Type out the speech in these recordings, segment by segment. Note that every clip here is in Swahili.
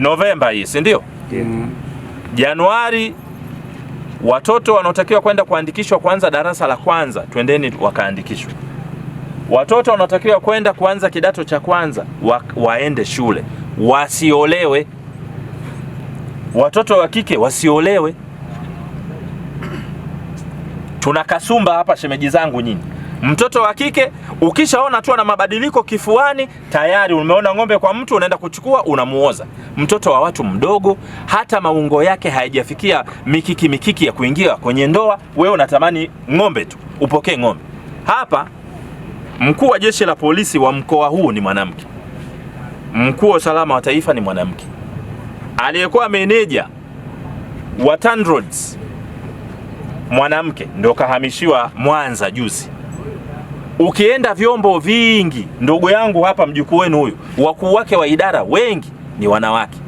Novemba hii, si ndio? Mm. Januari watoto wanaotakiwa kwenda kuandikishwa kwanza darasa la kwanza, twendeni wakaandikishwe. Watoto wanaotakiwa kwenda kuanza kidato cha kwanza wa, waende shule, wasiolewe. Watoto wa kike wasiolewe. Tuna kasumba hapa, shemeji zangu nyinyi. Mtoto wa kike ukishaona tu ana mabadiliko kifuani, tayari umeona ng'ombe kwa mtu, unaenda kuchukua unamuoza. Mtoto wa watu mdogo, hata maungo yake hayajafikia mikiki mikiki ya kuingia kwenye ndoa, wewe unatamani ng'ombe tu, upokee ng'ombe. Hapa mkuu wa jeshi la polisi wa mkoa huu ni mwanamke, mkuu wa usalama wa taifa ni mwanamke, aliyekuwa meneja wa TANROADS mwanamke, ndio kahamishiwa Mwanza juzi. Ukienda vyombo vingi, ndugu yangu hapa, mjukuu wenu huyu, wakuu wake wa idara wengi ni wanawake.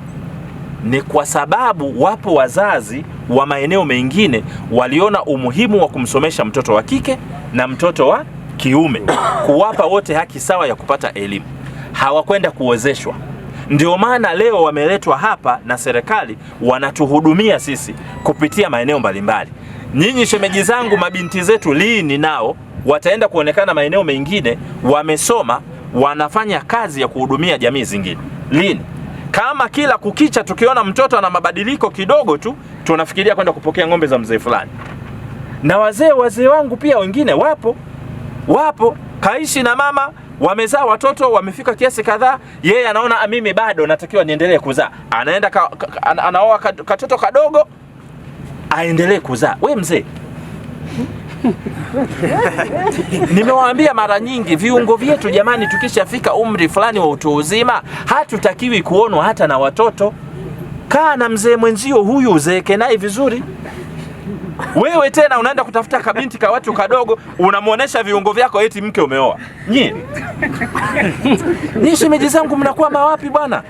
Ni kwa sababu wapo wazazi wa maeneo mengine waliona umuhimu wa kumsomesha mtoto wa kike na mtoto wa kiume, kuwapa wote haki sawa ya kupata elimu, hawakwenda kuwezeshwa. Ndio maana leo wameletwa hapa na serikali, wanatuhudumia sisi kupitia maeneo mbalimbali. Nyinyi shemeji zangu, mabinti zetu, lini nao wataenda kuonekana maeneo mengine wamesoma, wanafanya kazi ya kuhudumia jamii zingine. Lini? Kama kila kukicha tukiona mtoto ana mabadiliko kidogo tu, tunafikiria kwenda kupokea ng'ombe za mzee fulani. Na wazee wazee wangu pia wengine wapo, wapo kaishi na mama wamezaa watoto wamefika kiasi kadhaa, yeye anaona ah, mimi bado natakiwa niendelee kuzaa, anaenda ka, ka, anaoa katoto kadogo aendelee kuzaa. We mzee Nimewaambia mara nyingi, viungo vyetu jamani, tukishafika umri fulani wa utu uzima hatutakiwi kuonwa hata na watoto. Kaa na mzee mwenzio huyu, uzeeke naye vizuri. Wewe tena unaenda kutafuta kabinti ka watu kadogo, unamwonyesha viungo vyako eti mke umeoa. Nyie nyie, shemeji zangu, mnakuwa mawapi bwana?